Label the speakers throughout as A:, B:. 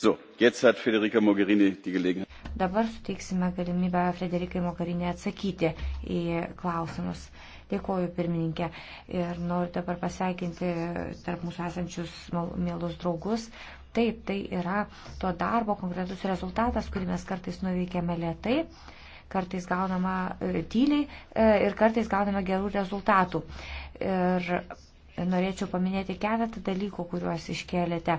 A: So, jetzt hat Federica Mogherini die Gelegenheit. Dabar suteiksime galimybę Frederikai Mokarinė atsakyti į klausimus. Dėkoju, pirmininkė. Ir noriu dabar pasveikinti tarp mūsų esančius mielus draugus. Taip, tai yra to darbo konkretus rezultatas, kurį mes kartais nuveikėme lietai kartais gaunama e, tyliai e, ir kartais gaunama gerų rezultatų. Ir norėčiau paminėti keletą dalykų, kuriuos iškėlėte.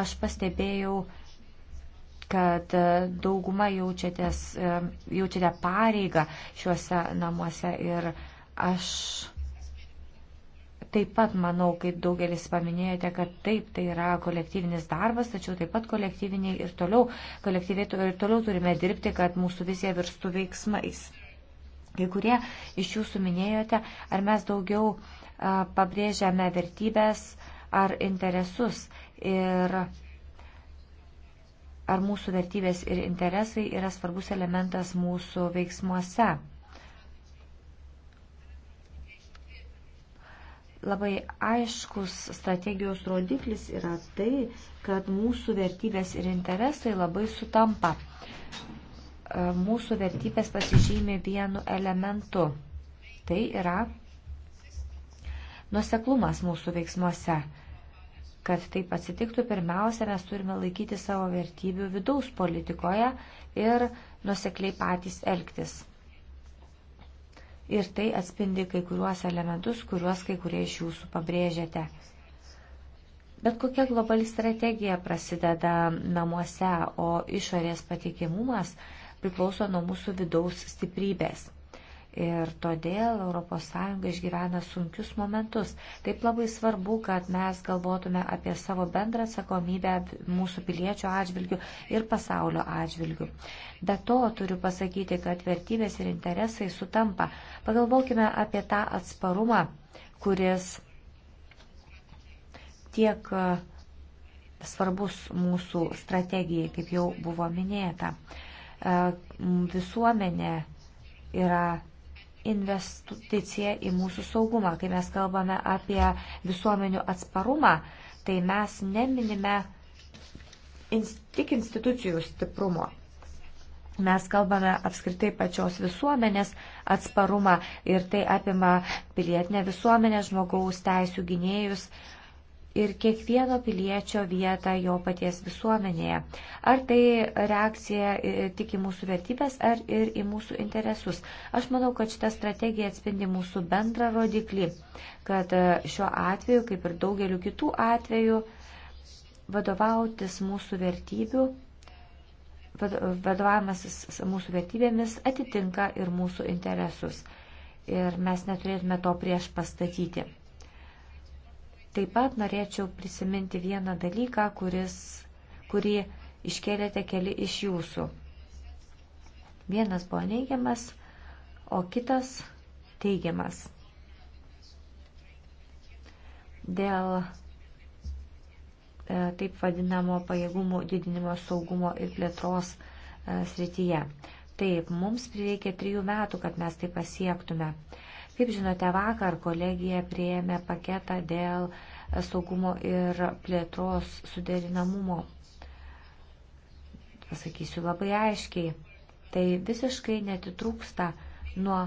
A: Aš pastebėjau, kad e, dauguma jaučiatės, e, jaučiate pareigą šiuose namuose ir aš taip pat manau, kaip daugelis paminėjote, kad taip, tai yra kolektyvinis darbas, tačiau taip pat kolektyviniai ir toliau, kolektyviai ir toliau turime dirbti, kad mūsų vizija virstų veiksmais. Kai kurie iš jūsų minėjote, ar mes daugiau uh, pabrėžiame vertybės ar interesus ir ar mūsų vertybės ir interesai yra svarbus elementas mūsų veiksmuose. Labai aiškus strategijos rodiklis yra tai, kad mūsų vertybės ir interesai labai sutampa. Mūsų vertybės pasižymi vienu elementu. Tai yra nuseklumas mūsų veiksmuose. Kad taip atsitiktų, pirmiausia, mes turime laikyti savo vertybių vidaus politikoje ir nusekliai patys elgtis. Ir tai atspindi kai kuriuos elementus, kuriuos kai kurie iš jūsų pabrėžėte. Bet kokia globali strategija prasideda namuose, o išorės patikimumas priklauso nuo mūsų vidaus stiprybės. Ir todėl ES išgyvena sunkius momentus. Taip labai svarbu, kad mes galvotume apie savo bendrą atsakomybę mūsų piliečių atžvilgių ir pasaulio atžvilgių. Be to turiu pasakyti, kad vertybės ir interesai sutampa. Pagalvokime apie tą atsparumą, kuris tiek e, svarbus mūsų strategijai, kaip jau buvo minėta. E, visuomenė yra investicija į mūsų saugumą. Kai mes kalbame apie visuomenių atsparumą, tai mes neminime tik institucijų stiprumo. Mes kalbame apskritai pačios visuomenės atsparumą ir tai apima pilietinę visuomenę, žmogaus teisų gynėjus, uh, ir kiekvieno piliečio vietą jo paties visuomenėje. Ar tai reakcija e, tik į mūsų vertybės, ar ir į mūsų interesus. Aš manau, kad šita strategija atspindi mūsų bendrą rodiklį, kad e, šiuo atveju, kaip ir daugeliu kitų atvejų, vadovautis mūsų vertybių vadovavimasis mūsų vertybėmis atitinka ir mūsų interesus. Ir mes neturėtume to prieš pastatyti. Taip pat norėčiau prisiminti vieną dalyką, kuris, kurį iškėlėte keli iš jūsų. Vienas buvo neigiamas, o kitas teigiamas. Dėl e, taip vadinamo pajėgumų didinimo saugumo ir plėtros e, srityje. Taip, mums prireikė trijų metų, kad mes tai pasiektume. Kaip žinote, vakar kolegija prieėmė paketą dėl saugumo ir plėtros suderinamumo. Pasakysiu labai aiškiai, tai visiškai netitrūksta nuo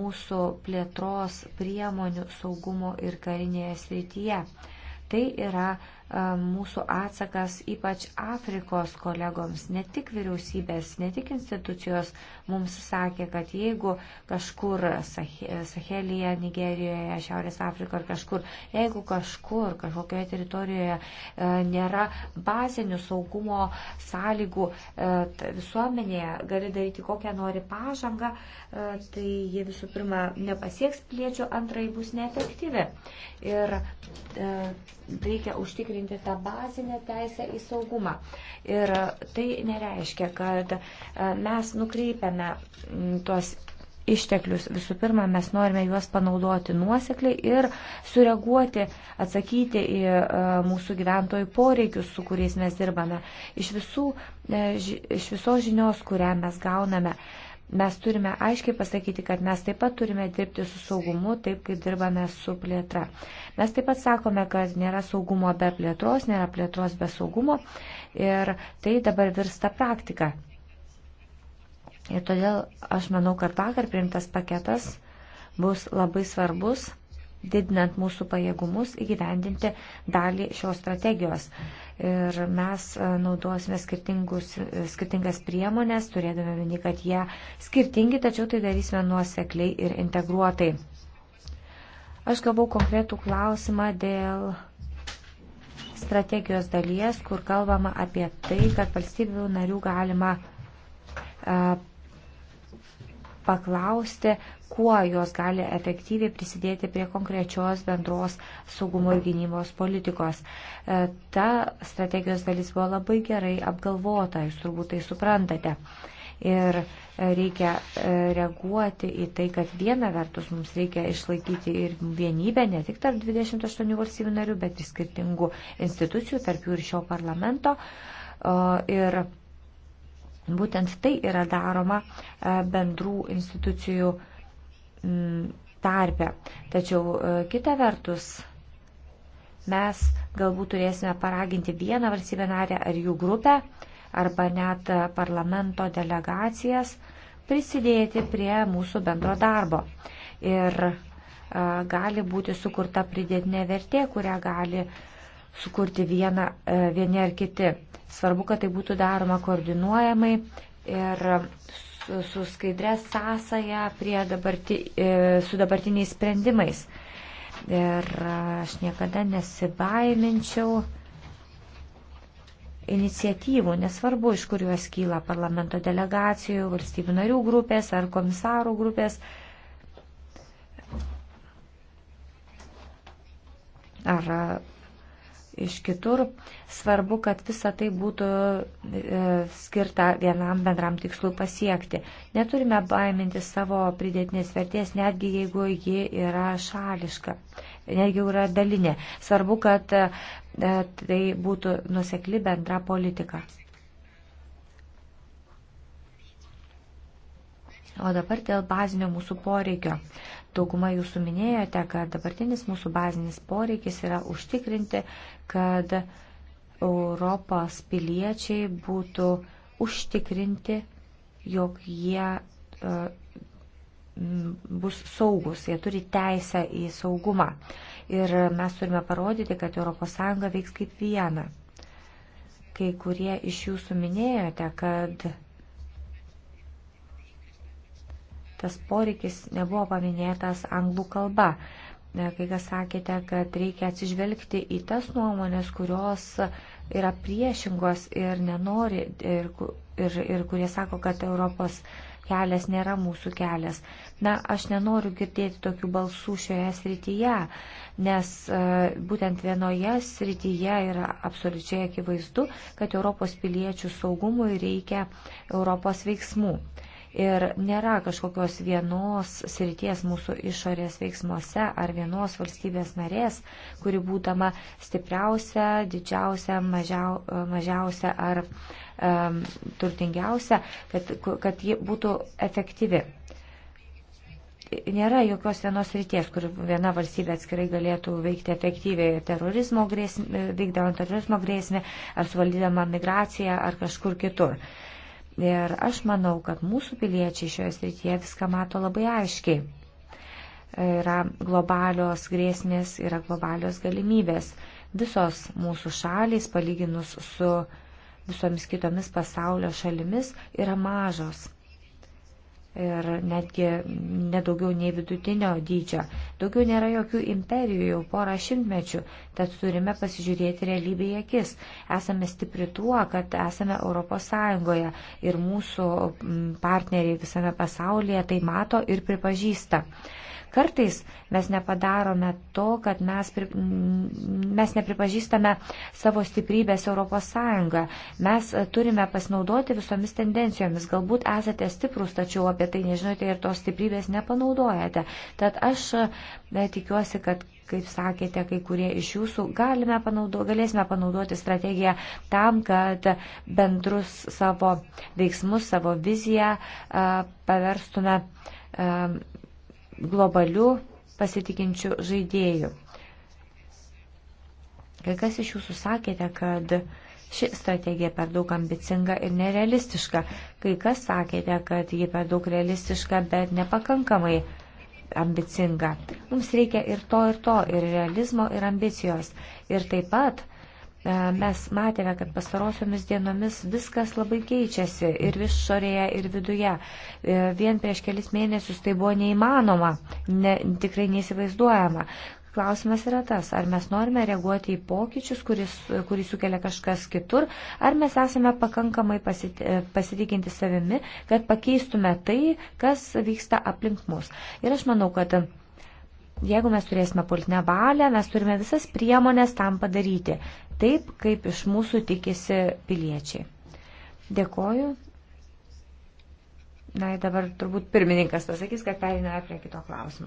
A: mūsų plėtros priemonių saugumo ir karinėje srityje. Tai yra e, mūsų atsakas ypač Afrikos kolegoms, ne tik vyriausybės, ne tik institucijos mums sakė, kad jeigu kažkur Sahelija, Nigerijoje, Šiaurės Afrikoje ar kažkur, jeigu kažkur, kažkokioje teritorijoje e, nėra bazinių saugumo sąlygų e, visuomenėje, gali daryti kokią nori pažangą, tai jie visų pirma nepasieks piliečių, antrai bus neefektyvi. Ir reikia užtikrinti tą bazinę teisę į saugumą. Ir tai nereiškia, kad e, mes nukreipiame tuos išteklius. Visų pirma, mes norime juos panaudoti nuosekliai ir sureaguoti, atsakyti į e, mūsų gyventojų poreikius, su kuriais mes dirbame. Iš, visų, e, iš visos žinios, kurią mes gauname, Mes turime aiškiai pasakyti, kad mes taip pat turime dirbti su saugumu, taip kaip dirbame su plėtra. Mes taip pat sakome, kad nėra saugumo be plėtros, nėra plėtros be saugumo ir tai dabar virsta praktika. Ir todėl aš manau, kad vakar priimtas paketas bus labai svarbus, didinant mūsų pajėgumus įgyvendinti dalį šios strategijos ir mes e, naudosime e, skirtingas priemonės, turėdami vieni, kad jie skirtingi, tačiau tai darysime nuosekliai ir integruotai. Aš gavau konkretų klausimą dėl strategijos dalies, kur kalbama apie tai, kad valstybių narių galima e, paklausti, kuo jos gali efektyviai prisidėti prie konkrečios bendros saugumo ir gynybos politikos. E, ta strategijos dalis buvo labai gerai apgalvota, jūs turbūt tai suprantate. Ir e, reikia e, reaguoti į tai, kad viena vertus mums reikia išlaikyti ir vienybę ne tik tarp 28 valstybių narių, bet ir skirtingų institucijų, tarp jų ir šio parlamento. Ir Būtent tai yra daroma e, bendrų institucijų tarpe. Tačiau e, kita vertus, mes galbūt turėsime paraginti vieną valstybę narę ar jų grupę, arba net parlamento delegacijas prisidėti prie mūsų bendro darbo. Ir e, gali būti sukurta pridėtinė vertė, kurią gali uh, sukurti vieną, e, vieni ar kiti. Svarbu, kad tai būtų daroma koordinuojamai ir su skaidrė sąsaja dabarti, e, su dabartiniais sprendimais. Ir aš niekada nesibaiminčiau iniciatyvų, nesvarbu, iš kur juos kyla parlamento delegacijų, valstybių narių grupės ar komisarų grupės. Ar iš kitur. Svarbu, kad visa tai būtų e, skirta vienam bendram tikslui pasiekti. Neturime baiminti savo pridėtinės vertės, netgi jeigu ji yra šališka, netgi jeigu yra dalinė. Svarbu, kad e, tai būtų nusekli bendra politika. O dabar dėl bazinio mūsų poreikio. Dauguma jūsų minėjote, kad dabartinis mūsų bazinis poreikis yra užtikrinti, kad Europos piliečiai būtų užtikrinti, jog jie e, bus saugus, jie turi teisę į saugumą. Ir mes turime parodyti, kad ES veiks kaip viena. Kai kurie iš jūsų minėjote, kad tas poreikis nebuvo paminėtas anglų kalba. Kai kas sakėte, kad reikia atsižvelgti į tas nuomonės, kurios yra priešingos ir nenori, ir, ir, ir kurie sako, kad Europos kelias nėra mūsų kelias. Na, aš nenoriu girdėti tokių balsų šioje srityje, nes e, būtent vienoje srityje yra absoliučiai akivaizdu, kad Europos piliečių saugumui reikia Europos veiksmų. Ir nėra kažkokios vienos srities mūsų išorės veiksmuose ar vienos valstybės narės, kuri būdama stipriausia, didžiausia, mažiau, mažiausia ar um, turtingiausia, kad, kad ji būtų efektyvi. Nėra jokios vienos ryties, kur viena valstybė atskirai galėtų veikti efektyviai terorizmo grėsmė, vykdant terorizmo grėsmę ar suvaldydama migraciją ar kažkur kitur. Uh, Ir aš manau, kad mūsų piliečiai šioje srityje viską mato labai aiškiai. Yra globalios grėsmės, yra globalios galimybės. Visos mūsų šalys, palyginus su visomis kitomis pasaulio šalimis, yra mažos ir netgi nedaugiau nei vidutinio dydžio. Daugiau nėra jokių imperijų jau porą šimtmečių, tad turime pasižiūrėti realybėje akis. Esame stipri tuo, kad esame Europos Sąjungoje ir mūsų partneriai visame pasaulyje tai mato ir pripažįsta. Kartais mes nepadarome to, kad mes, pri, mes nepripažįstame savo stiprybės Europos Sąjungą. Mes e, turime pasinaudoti visomis tendencijomis. Galbūt esate stiprus, tačiau apie apie tai nežinote ir tos stiprybės nepanaudojate. Tad aš e, tikiuosi, kad kaip sakėte, kai kurie iš jūsų, galime panaudo, galėsime panaudoti strategiją tam, kad bendrus savo veiksmus, savo viziją e, paverstume e, globalių pasitikinčių žaidėjų. Kai kas iš jūsų sakėte, kad uh, Ši strategija per daug ambicinga ir nerealistiška. Kai kas sakėte, kad ji per daug realistiška, bet nepakankamai ambicinga. Mums reikia ir to, ir to, ir realizmo, ir ambicijos. Ir taip pat e, mes matėme, kad pastarosiomis dienomis viskas labai keičiasi ir išorėje, ir viduje. E, vien prieš kelis mėnesius tai buvo neįmanoma, ne, tikrai neįsivaizduojama. Klausimas yra tas, ar mes norime reaguoti į pokyčius, kuris, kurį sukelia kažkas kitur, ar mes esame pakankamai pasitikinti savimi, kad pakeistume tai, kas vyksta aplink mus. Ir aš manau, kad jeigu mes turėsime politinę valią, mes turime visas priemonės tam padaryti, taip kaip iš mūsų tikisi piliečiai. Dėkoju. Na ir dabar turbūt pirmininkas pasakys, kad periname prie kito klausimo.